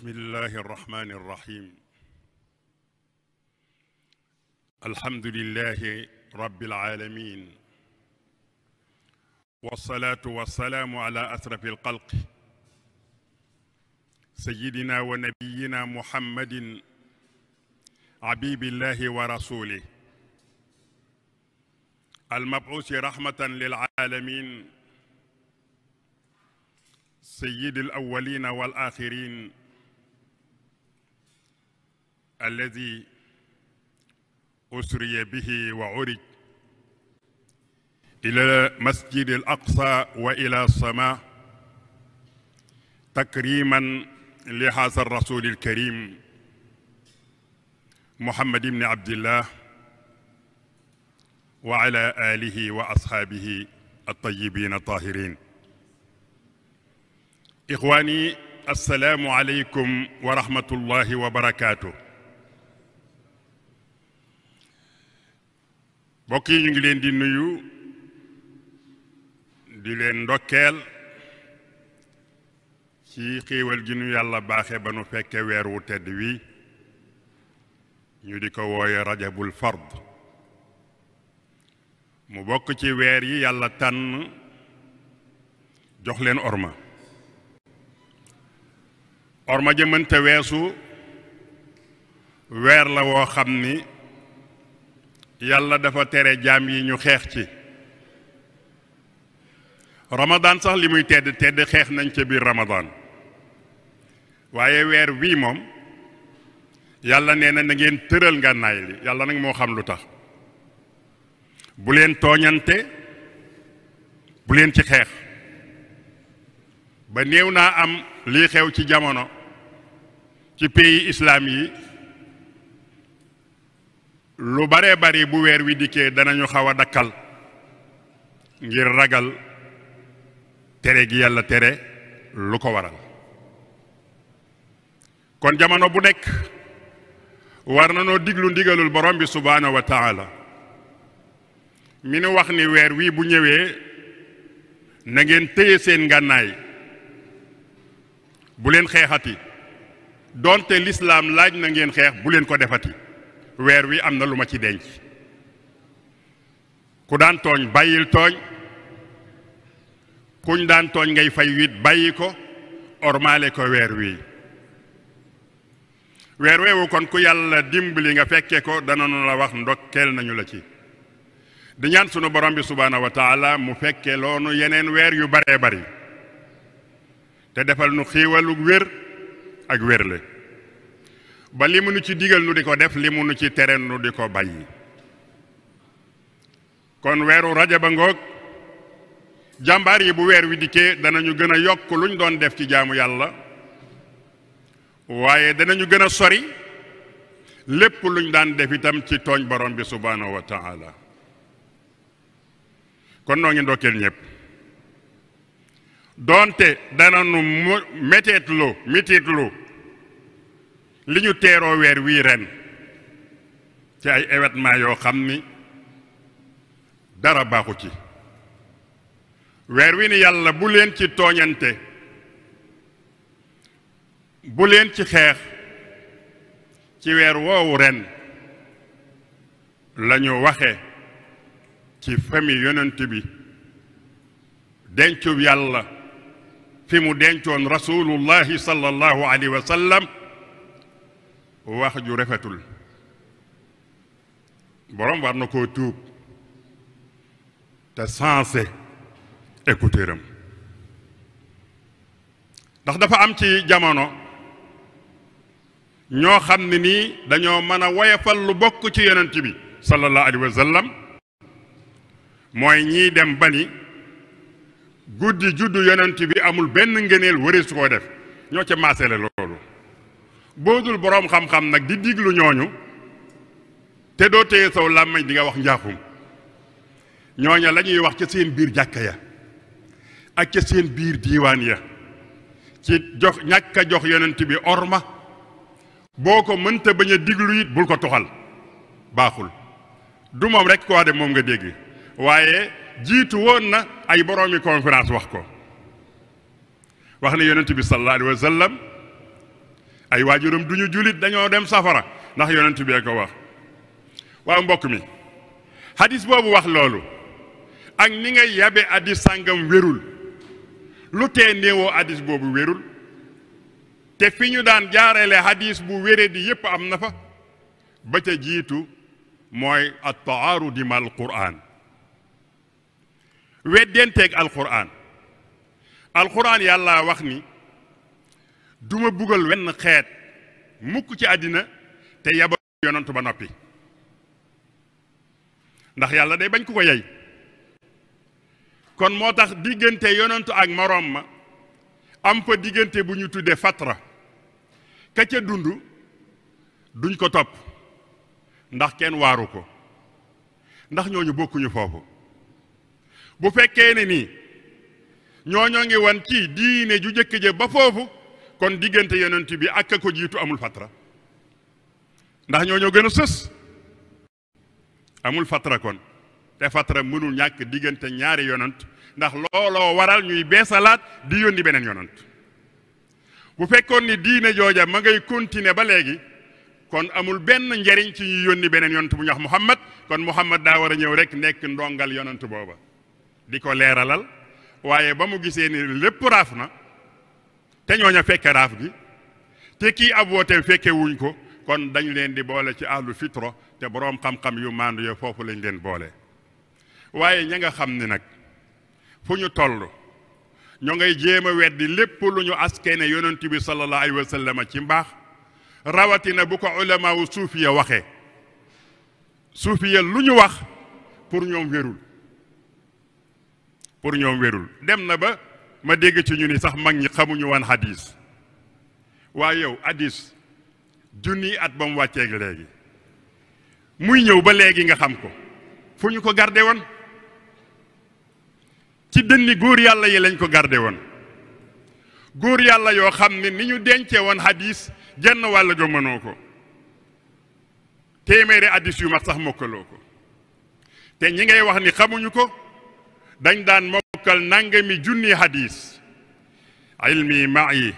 بسم الله الرحمن الرحيم الحمد لله رب العالمين والصلاة والسلام على أسرف القلق سيدنا ونبينا محمد عبيب الله ورسوله المبعوث رحمة للعالمين سيد الأولين والآخرين الذي أسري به وعرج إلى مسجد الأقصى وإلى السماء تكريما لهذا الرسول الكريم محمد بن عبد الله وعلى آله وأصحابه الطيبين الطاهرين إخواني السلام عليكم ورحمة الله وبركاته mbokk yi ñu ngi leen di nuyu di leen ndokkeel ci xéewal gi nu yàlla baaxe ba nu fekke weer wu tedd wi ñu di ko wooye rajabul fard mu bokk ci weer yi yàlla tànn jox leen orma orma jëmante weesu weer la woo xam ni yàlla dafa tere jaam yi ñu xeex ci ramadan sax li muy tedd tedd xeex nañ ca biir ramadan waaye weer wii moom yàlla nee na na ngeen tëral ngànnaay li yàlla nag moo xam lu tax bu leen tooñante bu leen ci xeex ba néew naa am lii xew ci jamono ci pays islam yi lu baree bari bu weer wi dikkee danañu xaw a dakkal ngir ragal tere gi yàlla tere lu ko waral kon jamono bu nekk war na noo diglu ndigalul borom bi subhaanahu wa taala mi nu wax ni weer wii bu ñëwee na ngeen téye seen ngànnaay bu leen xeexati doonte lislaam laaj na ngeen xeex bu leen ko defati weer wi am na lu ma ci denc ku daan tooñ bàyyil tooñ kuñ daan tooñ ngay fay wit bàyyi ko ormaale ko weer wi weer weewu kon ku yàlla dimbali nga fekke ko dana nu la wax ndokkeel nañu la ci di ñaan sunu borom bi subhaanahu wa mu fekke loonu yeneen weer yu bare bari te defal nu xiiwalu wér ak wérle ba li mu nu ci digal nu di ko def li mu nu ci tere nu di ko bàyyi kon weeru rajaba ngoog jàmbaar yi bu weer wi dikkee danañu gën a yokk lu luñ doon def ci jaamu yàlla waaye danañu gën a sori lépp luñ daan def itam ci tooñ borom bi subhaanahu wa taala kon noo ngi ndokkeel ñëpp doonte danañu mu meteetlu mitiitlu li ñu teeroo weer wii ren ci ay événement yoo xam ni dara baaxu ci weer wi ni yàlla bu leen ci tooñante bu leen ci xeex ci weer woowu ren la waxe ci famille yonent bi dencub yàlla fi mu dencoon rasulullahi sallallahu alayhi wa sallam wax ju rafetul borom war na koo tuub te sensé écouteur ndax dafa am ci jamono ñoo xam ne nii dañoo mën a woyafal lu bokk ci yonent bi sallallahu alayhi wa sallam mooy ñii dem ba ni guddi juddu yonent bi amul benn ngëneel su koo def ñoo ca maasele loolu boo dul boroom xam-xam nag di diglu ñooñu te doo téye saw làmmañ di nga wax njaaxum ñooña la ñuy wax ca seen biir jàkka ya ak ca seen biir diiwaan ya ci jox ñàkk jox yonent bi orma boo ko mënta bañ diglu it bul ko toxal baaxul du moom rek ko de moom nga dégg waaye jiitu woon na ay boroomi conférence wax ko wax ne yonent bi sallallahu alayhi wa ay waajuram duñu ñu jullit dañoo dem safara ndax yonent bee ko wax waaw mbokk mi hadis boobu wax loolu ak ni nga yabe hadis sàngam wérul lu tee néewoo hadis boobu wérul te fi ñu daan jaareele hadis bu wéré di yépp am na fa ba ca jiitu mooy at-taarudi ma alquran weddenteeg alquran alquran yàlla wax ni duma bugal wenn xeet mukk ci àddina te yaba yonantu ba noppi ndax yàlla day bañ ku ko yey kon moo tax diggante yonantu ak moroom ma am fa diggante bu ñu tuddee fatra ka ca dund duñ ko topp ndax kenn waaru ko ndax ñooñu bokkuñu foofu bu fekkee ne nii ñooñoo ngi wan ci diine ju jëkk je ba foofu kon diggante yonent bi ak ko jiitu amul fatra ndax ñoo ñoo gën a sës amul fatra kon te fatra mënul ñàkk diggante ñaari yonent ndax looloo waral ñuy beesalaat di yónni beneen yonent bu fekkoon ni diine jooja ma ngay continuer ba léegi kon amul benn njariñ ci ñuy yónni beneen yonent bu ñax wax Muhammad kon Muhammad daa war a ñëw rek nekk ndongal yonent booba di ko leeralal waaye ba mu gisee ni lépp raaf na te ñooña fekke raaf gi te kii ab wooteem fekke ko kon dañ leen di boole ci ahlu fitro te boroom xam-xam yu maandu yo foofu lañ leen boole waaye ña nga xam ni nag fu ñu tollu ñoo ngay jéem a weddi lépp lu ñu askene yonent bi sallallahu alayhi wa sallam ci mbaax rawatina bu ko ulama wu suufiya waxee suufiya lu ñu wax pour ñoom wérul pour ñoom wérul dem na ba ma dégg ci ñu ni sax mag ñi xamuñu woon hadis waaye yow hadis junni at ba mu wàcceeg léegi muy ñëw ba léegi nga xam ko fu ñu ko garde woon ci dënni góor yàlla yi lañ ko garde woon góor yàlla yoo xam ne ni ñu dencee woon hadis jenn wàll ga mënoo ko téeméeri addis yu mat sax mokkaloo ko te ñi ngay wax ni xamuñu ko dañ daan mokkal nangami junni hadis ilmi ma'i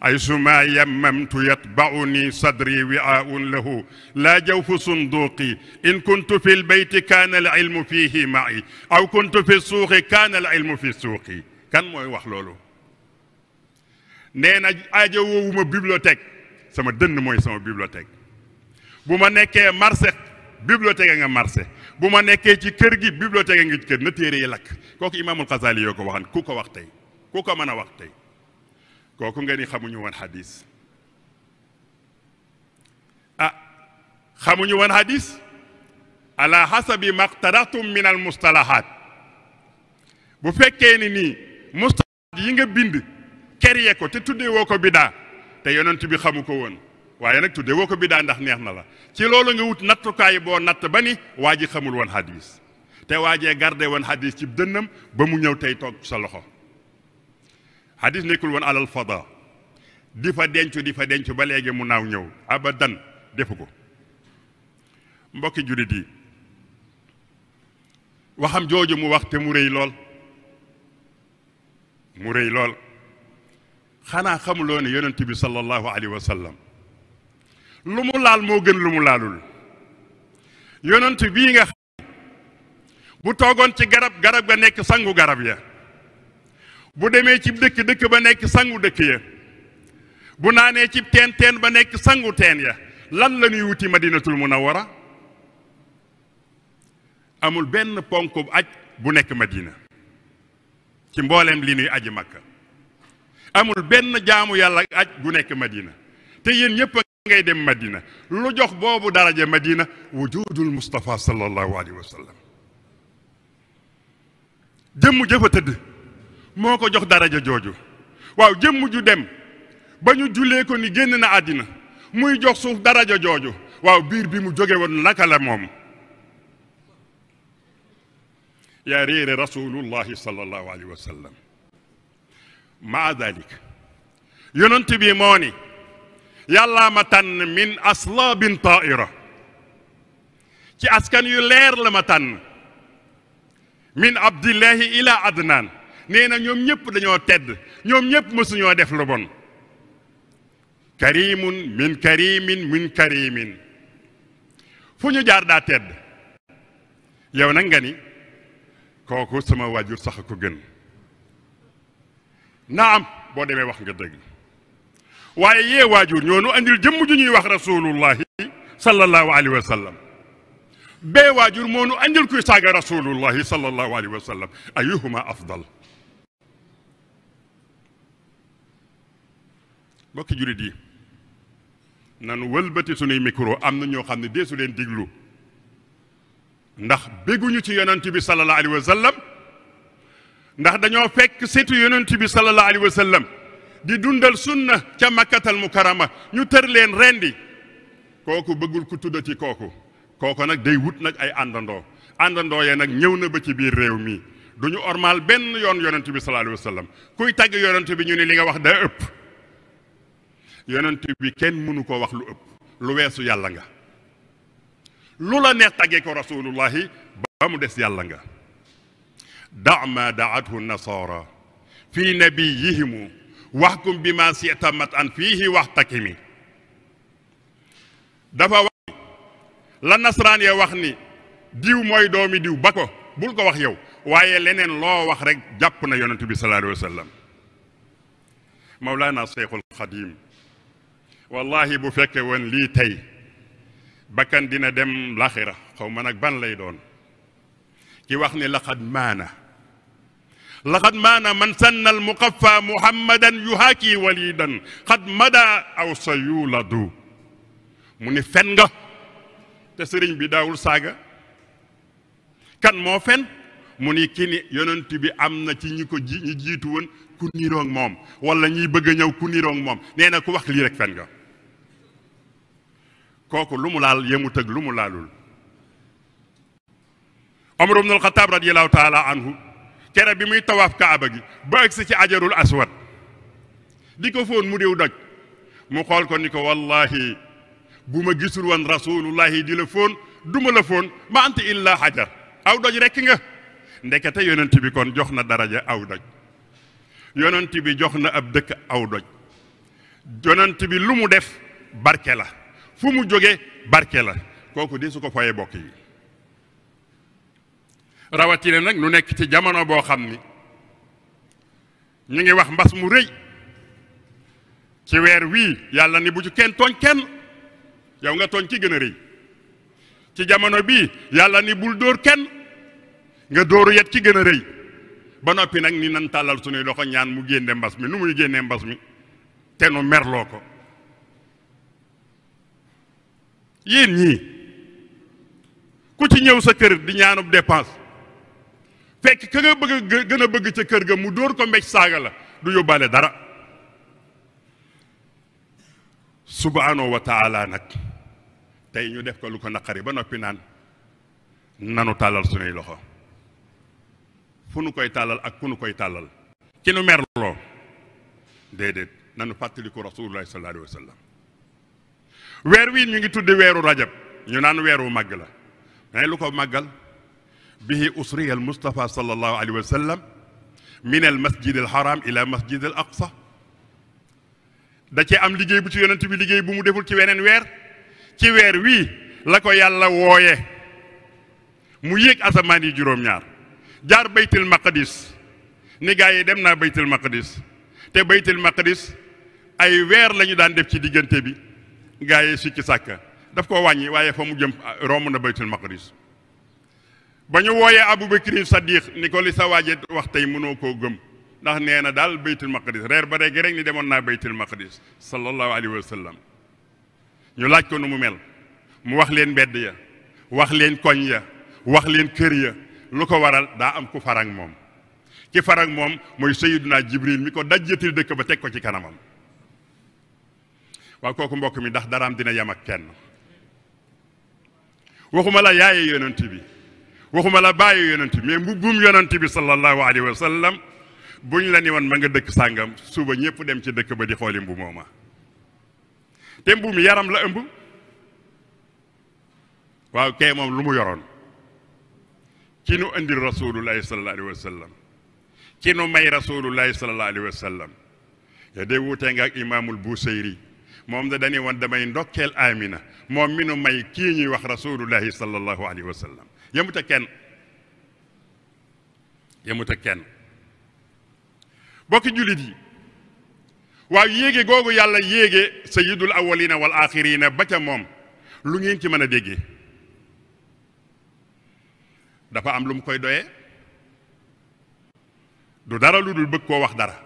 ay suma yammamtu yatba'uni sadri wi'aa'un lahu laa jawfu sunduqi in kuntu fi lbeyti kaana al ilmu fihi ma'i aw kuntu fi suuqi kaana al ilmu fi suuqi kan mooy wax loolu nee na aajo woowuma bibliothèque sama dënn mooy sama bibliothèque bu ma nekkee marché bibliothèque nga marché bu ma nekkee ci kër gi bibliothèque nga ci kër na téere yi lakk kooku imaamul xasaali yoo ko waxan ku ko wax tey ku ko mën a wax tey kooku nga ni xamuñu woon xadis ah xamuñu woon xadis ala hasabi maqtaratum min al mustalahat bu fekkee ni nii mustalahat yi nga bind kerye ko te tuddee woo ko bidaa te yonent bi xamu ko woon waaye nag tudde woo ko biddaa ndax neex na la ci loolu nga wut nattukaay boo natt ba ni waa ji xamul woon hadis te waajee garde woon hadis cib dënnam ba mu ñëw tey toog sa loxo hadis nekkul woon alal fada di fa dencu di fa dencu ba léegi mu naaw ñëw abadan defu ko mbokki jurit waxam jooju mu wax te mu rëy lool mu rëy lool xanaa xamuloo ne yeneen bi sallallahu alayhi wa sallam lu mu laal moo gën lu mu laalul yonant bii nga xam bu toogoon ci garab garab ga nekk sangu garab ya bu demee ci dëkk dëkk ba nekk sangu dëkk ya bu naanee ci teen teen ba nekk sangu teen ya lan la ñuy wuti madinatul munawwara amul benn ponk bu aj bu nekk madina ci mbooleem li nuy aji makka amul benn jaamu yàlla aj bu nekk madina te yéen ñëpp ngay dem madina lu jox boobu daraja madina wujudul Mustafa sallallahu alayhi wa sallam jëmm jëfa tëdd moo ko jox daraja jooju waaw jëmm ju dem ba ñu jullee ni génn na àddina muy jox suuf daraja jooju waaw biir bi mu jóge woon naka la moom yaa réere rasulullahi sallallahu alayhi wa sallam maa dalik yonent bi moo ni yàllaa ma tànn min aslaabin taa'ira ci askan yu leer la ma tànn min abdillahi ila adnaan nee na ñoom ñëpp dañoo tedd ñoom ñëpp mësuñoo def lu bon karimun min karimin min karimin fu ñu jaar daa tedd yow nag nga ni kooku sama waajur sax a ko gën naam boo demee wax nga dëgg waaye yee waajur ñoo nu andil jëmm ju ñuy wax rasulullahi sallallahu alayhi wa sallam bee waajur moo nu andil kuy saaga rasulullahi sallallahu alayhi wa sallam ayuhuma afdal mbokki jurit yi nanu wëlbati sunuy micro am na ñoo xam ne deesu leen diglu ndax bégguñu ci yonent bi sallallahu alayhi wa sallam ndax dañoo fekk seetu yonent bi sallallahu alayhi wa sallam di dundal sunna ca makkatal mukarama ñu tër leen rendi kooku bëggul ku tuddati kooku kooku nag day wut nag ay àndandoo àndandoo yee nag ñëw na ba ci biir réew mii du ñu ormaal benn yoon yonent bi sallallahu alayhi wa sallam kuy tagg yonent bi ñu ni li nga wax daa ëpp yonent bi kenn mënu ko wax lu ëpp lu weesu yàlla nga lu la neex taggee ko rasulullahi ba mu des yàlla nga da ma daathu nasara fi nabiyihimu waxkum bi ma si'ta mat'an fiihi waxtakimi dafa wax la nasaraan ya wax ni diw mooy doomi diw ba ko bul ko wax yow waaye leneen loo wax rek jàpp na yonent bi sallallahu alayhi wa sallam mawlaana seexul xadiim wallahi bu fekke woon lii tey bakkan dina dem laxira xaw ma ban lay doon ki wax ni laqad maana لقد مان من سن المقفى محمدا يهاكي وليدا قد مدى أو سيولد mu ni fen nga te sëriñ bi daawul saaga kan moo fen mu ni ki ni bi am na ci ñi ko ji ñi jiitu woon moom wala ñiy bëgg a ñëw ku niroog moom nee na ku wax lii rek fen nga kooku lu mu laal yemu tëg lu mu laalul Omar ibn al-Khattab radiyallahu taala anhu kere bi muy tawaaf kaaba gi ba agsi ci ajarul aswad di ko fóon mu diw doj mu xool ko ni ko wallahi bu ma gisul woon rasulullahi di la fóon duma la fóon ma anta illa hajar aw doj rekk nga ndekete yonent bi kon jox na daraja aw doj yonent bi jox na ab dëkk aw doj yonent bi lu mu def barke la fu mu jóge barke la kooku de su ko foye bokk yi rawatina nag nu nekk ci jamono boo xam ni ñu ngi wax mbas mu rëy ci weer wii yàlla ni bu ci kenn tooñ kenn yow nga tooñ ci gën a rëy ci jamono bii yàlla ni bul dóor kenn nga dóor yet ci gën a rëy ba noppi nag ni nan tàllal suñuy loxo ñaan mu génne mbas mi nu muy génnee mbas mi te nu merloo ko yéen ñii ku ci ñëw sa kër di ñaanub dépense fekk ka nga bëgg gën a bëgg ca kër ga mu dóor ko mbéj saaga la du yóbbaale dara subhaanahu wa taala nag tey ñu def ko lu ko naqari ba noppi naan nanu tàllal suñuy loxo fu nu koy tàllal ak fu nu koy tàllal ki nu merloo déedéet nanu fàttaliku rasulullahi sallallahu alayhi wa weer wii ñu ngi tudde weeru rajab ñu naan weer wu màgg la mais lu ko màggal bihi usriya al Mustafa sallallahu alayhi wa sallam min al masjid al haram ila masjid al aqsa da cee am liggéey bu ci yonent bi liggéey bu mu deful ci weneen weer ci weer wii la ko yàlla wooye mu yéeg asamaan yi juróom-ñaar jaar baytil maqadis ni gaa yi dem naa baytil maqadis te baytil maqadis ay weer la daan def ci diggante bi gaa yi sikki sàkka daf ko wàññi waaye fa mu jëm romb na baytul maqadis ba ñu wooyee Abubakrin Sadiq ni ko li sa waaje wax tey mënoo koo gëm ndax nee na daal baytul maqdis reer ba rek rek ni demoon naa baytul maqdis sallallahu alayhi wa sallam ñu laaj ko nu mu mel mu wax leen mbedd ya wax leen koñ ya wax leen kër ya lu ko waral daa am ku farang moom ki farang moom mooy Sayyiduna Jibril mi ko dajjatil dëkk ba teg ko ci kanamam waaw kooku mbokk mi ndax daraam dina yem ak kenn waxuma la yaaye yonent bi waxuma la bàyyi yonent mais mbubbum yonent bi sallallahu alayhi wa sallam buñ la ni woon ma nga dëkk sàngam suba ñëpp dem ci dëkk ba di xooli mbu mooma te mbu yaram la ëmb waaw kay moom lu mu yoroon ci nu indi rasulullahi sallallahu alayhi ci nu may rasulullahi sallallahu alayhi wa sallam te wuutee nga ak imaamul Busayri moom da dañuy woon damay ndokkeel Amina moom mi nu may kii ñuy wax rasulullahi sallallahu alayhi wa sallam yemut kenn yemut kenn bokki jullit yi waaw yéege googu yàlla yéege sayyidul awwalina wal axirina ba ca moom lu ngeen ci mën a déggee dafa am lu mu koy doyee du dara lu dul bëgg koo wax dara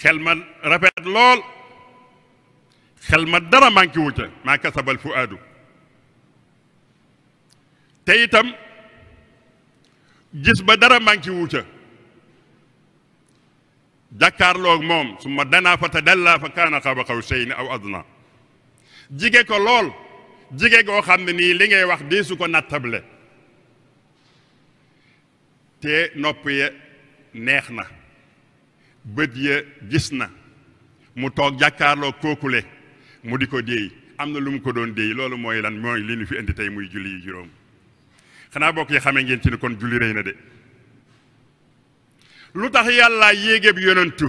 xel ma rafet lool xel ma dara manqué wu ca maa kasabal fuaadu te itam gis ba dara manqué wu ca jàkkaarloog moom su ma danaa fa te dallaa fa kaana xaba xaw sey aw adna jige ko lool jige goo xam ne nii li ngay wax di su ko nattable te nopp ya neex na bët ya gis na mu toog jàkkaarloo kookule mu di ko déey am na lu mu ko doon déey loolu mooy lan mooy li ñu fi indi tey muy julli yi juróom xanaa bokk yi xamee ngeen ci ni kon julli rëy na de lu tax yàlla yéegéb yonentu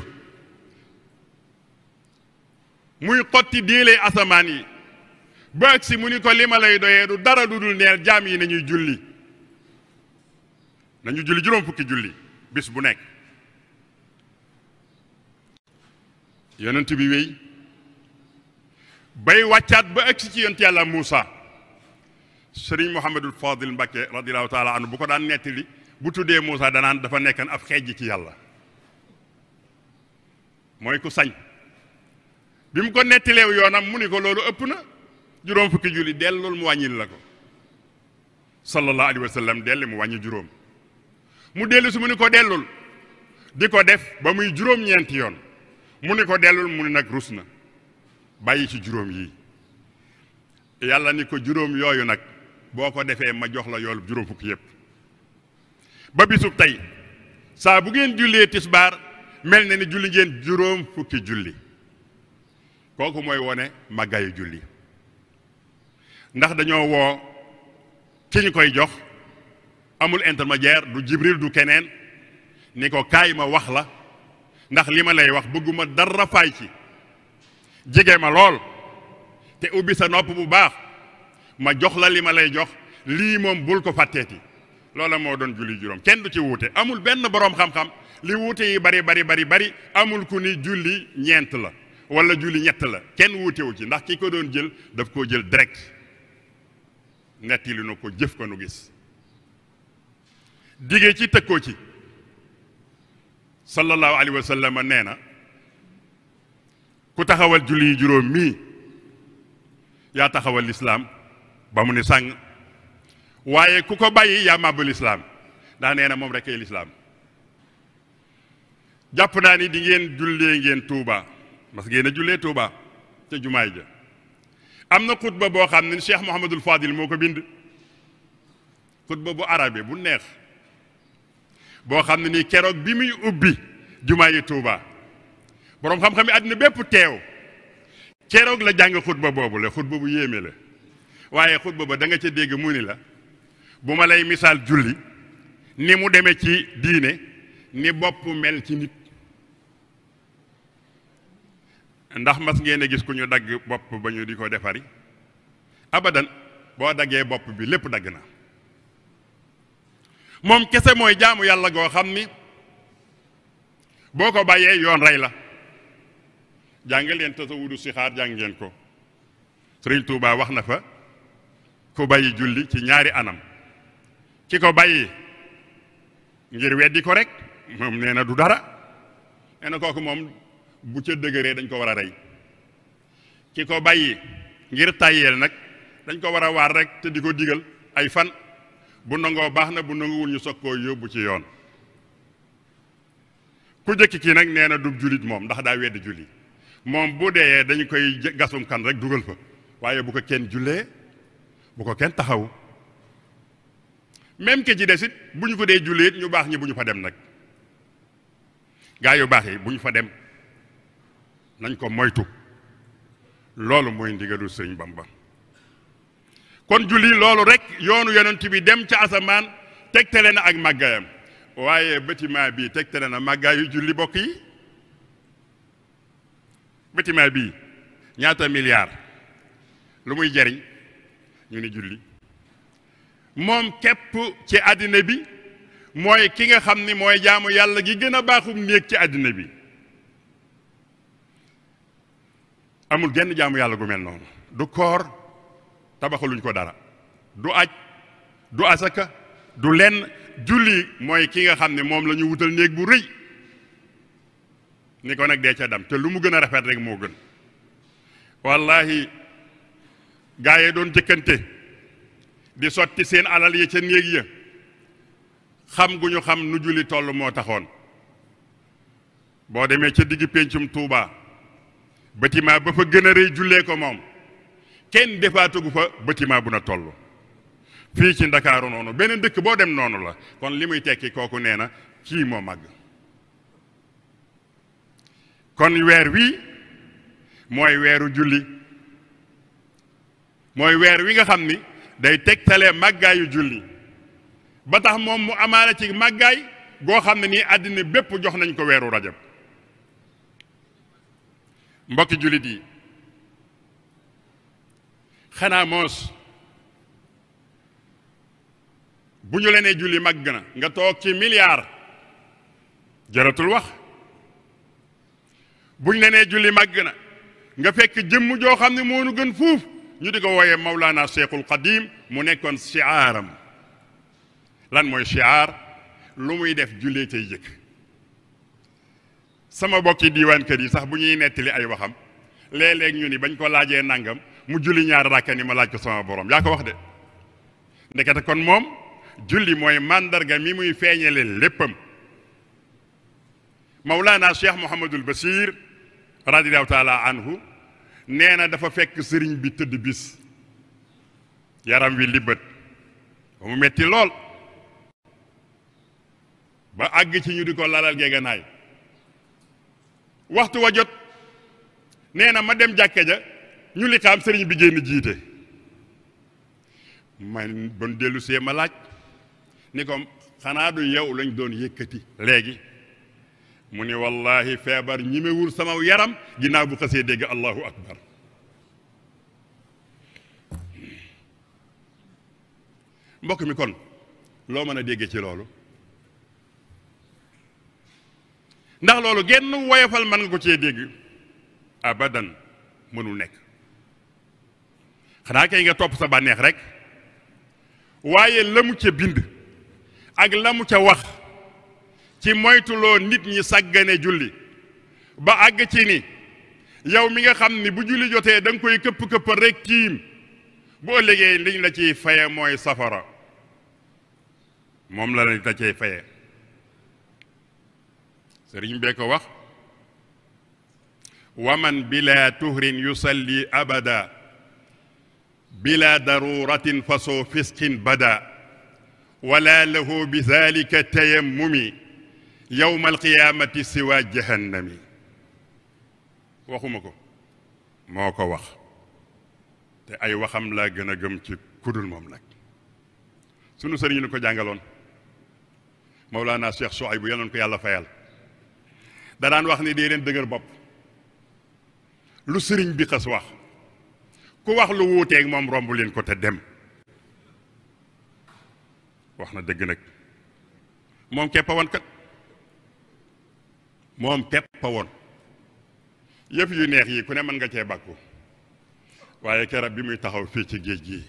muy xotti déelee asamaan yi ba agsi mu ni ko li ma lay doyee du dara du dul neel jaam yi nañuy julli nañu julli juróom fukki julli bis bu nekk yonent bi wéy bay wàccaat ba agsi ci yonent yàlla Muusa sëriñ Mouhamadul Fadil Mbacke radiallahu taala anhu bu ko daan nettali bu tuddee Moussa danaan dafa nekkan ab xeej ci yàlla mooy ku sañ bi mu ko nettileew yoonam mu ni ko loolu ëpp na juróom fukki julli del mu wàññil la ko sallallahu alayhi wa sallam delli mu wàññi juróom mu dellu si mu ni ko dellul di ko def ba muy juróom-ñeenti yoon mu ni ko dellul mu ni nag rus na bàyyi ci juróom yi yàlla ni ko juróom yooyu nag boo ko defee ma jox la yoolu juróom fukki yëpp ba bisub tey saa bu ngeen jullee tisbaar mel na ni julli ngeen juróom fukki julli kooku mooy wone màggayu julli ndax dañoo woo ki ñu koy jox amul intermédiaire du jibril du keneen ni ko kaay ma wax la ndax li ma lay wax bëgguma dara faay ci jege ma lool te ubbi sa nopp bu baax ma jox la li ma lay jox lii moom bul ko fàtteeti loola moo doon julli juróom kenn du ci wuute amul benn boroom xam-xam li wuute yi bari bari bari bari amul ku ni julli ñeent la wala julli ñett la kenn wuutewu ci ndax ki ko doon jël daf koo jël direct netti li nu ko jëf ko nu gis digee ci tëkkoo ci sallallahu alayhi wa sallam nee na ku taxawal julli juróom mii yaa taxawal lislaam ba mu ni sàng waaye ku ko bàyyi yaa màbbul islaam ndax nee na moom rekk ay lislaam jàpp naa ni di ngeen jullee ngeen tuuba parce que ngeen a jullee tuuba ca jumaay ja am na xutba boo xam ne cheikh mohamadul fadil moo ko bind xutba bu arabe bu neex boo xam ne ni keroog bi muy ubbi jumaa yi tuuba boroom xam-xam yi àddina bépp teew keroog la jàng xutba boobu la xutba bu yéeme la waaye xutba ba danga nga ca dégg mu ni la bu ma lay misaal julli ni mu demee ci diine ni bopp mel ci nit ndax mas ngeen a gis ku ñu dagg bopp ba ñu di ko defari abadan boo daggee bopp bi lépp dagg na moom kese mooy jaamu yàlla goo xam ni boo ko bàyyee yoon rey la jàng leen tasawudu sixaar jàng ngeen ko Sëriñ Tuubaa wax na fa ku bàyyi julli ci ñaari anam ki ko bàyyi ngir weddi ko rek moom nee na du dara nee na kooku moom bu ca dëgëree dañ ko war a rey ki ko bàyyi ngir tàyyeel nag dañ ko war a waar rek te di ko digal ay fan bu nangoo baax na bu nanguwul ñu soog koo yóbbu ci yoon ku jëkk ki nag nee na du jullit moom ndax daa weddi julli moom bu dee dañ koy gasum kan rek dugal fa waaye bu ko kenn jullee bu ko kenn taxaw même ki ci desit bu ñu ko dee jullit ñu baax ñi bu ñu fa dem nag gaa yu baax yi bu fa dem nañ ko moytu loolu mooy ndigalul sëriñ Bamba kon julli loolu rek yoonu yonent bi dem ca asamaan tegtale na ak màggayam waaye bâtiment bii tegtale na màggaayu julli bokk yi bâtiment bii ñaata milliar lu muy jariñ ñu ni julli moom képp ci àddina bi mooy ki nga xam ni mooy jaamu yàlla gi gën a baaxum néeg ci àddina bi amul genn jaamu yàlla gu mel noonu du koor tabaxaluñ ko dara du aj du asaka du lenn julli mooy ki nga xam ne moom la wutal néeg bu rëy ni ko nag dee ca dam te lu mu gën a rafet rek moo gën wallahi gaa yi doon jëkkante di sotti seen alal yi ca néeg ya xam gu ñu xam nu julli toll moo taxoon boo demee ca digg péncum Touba bâtiment ba fa gën a rëy jullee ko moom kenn defaatugu fa bâtiment bu na toll fii ci ndakaaru noonu beneen dëkk boo dem noonu la kon li muy tekki kooku nee na kii moo màgg kon weer wi mooy weeru julli mooy weer wi nga xam ni day tegtalee màggaayu julli ba tax moom mu amaale ci màggaay goo xam ne nii àddina bépp jox nañ ko weeru rajab mbokki jullit yi xanaa moos bu ñu lenee julli màgg na nga toog ci milliard jaratul wax bu ñu lenee julli màgg na nga fekk jëmm joo xam ne moo nu gën fuuf ñu di ko wooyee Mawlana Cheikhul Qadim mu nekkoon chiaaram lan mooy chiaar lu muy def jullee cay jëkk sama bokki diiwaan kër yi sax bu ñuy nettali ay waxam léeg-léeg ñu ni bañ ko laajee nangam mu julli ñaar rakka ni ma laaj ko sama borom yaa ko wax de ndekete kon moom julli mooy màndarga mi muy feeñale léppam Mawlana Cheikh Mouhamadul Basir radiallahu taala anhu nee na dafa fekk sëriñ bi tëdd bis yaram wi libët ba mu metti lool ba àgg ci ñu di ko lalal geeganaay waxtu wa jot nee na ma dem jàkka ja ñu liqaam sëriñ bi génn jiite man bon dellu see ma laaj ni ko xanaa du yow lañ doon yëkkati léegi mu ne wallahi feebar ñimewul sama yaram ginnaaw bu xasee dégg allahu akbar mbokk mi kon loo mën a déggee ci loolu ndax loolu genn woyofal mën nga ko cee dégg abadan mënul nekk xanaa kay nga topp sa bànneex rek waaye la mu ca bind ak la mu ca wax ci moytuloo nit ñi sàggane julli ba àgg ci ni yow mi nga xam ni bu julli jotee da koy këpp-këpp rek tiim bu ëllëgee liñ la ciy faye mooy safara moom la la ciy faye sëriñ bee ko wax waman bila tuhrin yusalli abada bila daruratin fasoo fisqin bada wala lahu bi zalika tayammumi yowma alqiyaamati siwa jahannami waxuma ko moo ko wax te ay waxam laa gën a gëm ci kudul moom nag sunu sëriñ ñu ko jàngaloon moom Mawlana Cheikh Souhaïbou yal na ko yàlla fayal da daan wax ni dee leen dëgër bopp lu sëriñ bi xas wax ku wax lu wuuteeg moom romb leen ko te dem wax na dëgg nag moom keppa kat moom képp a woon yëf yu neex yi ku ne mën nga cee bàkku waaye keroog bi muy taxaw fii ci géej gi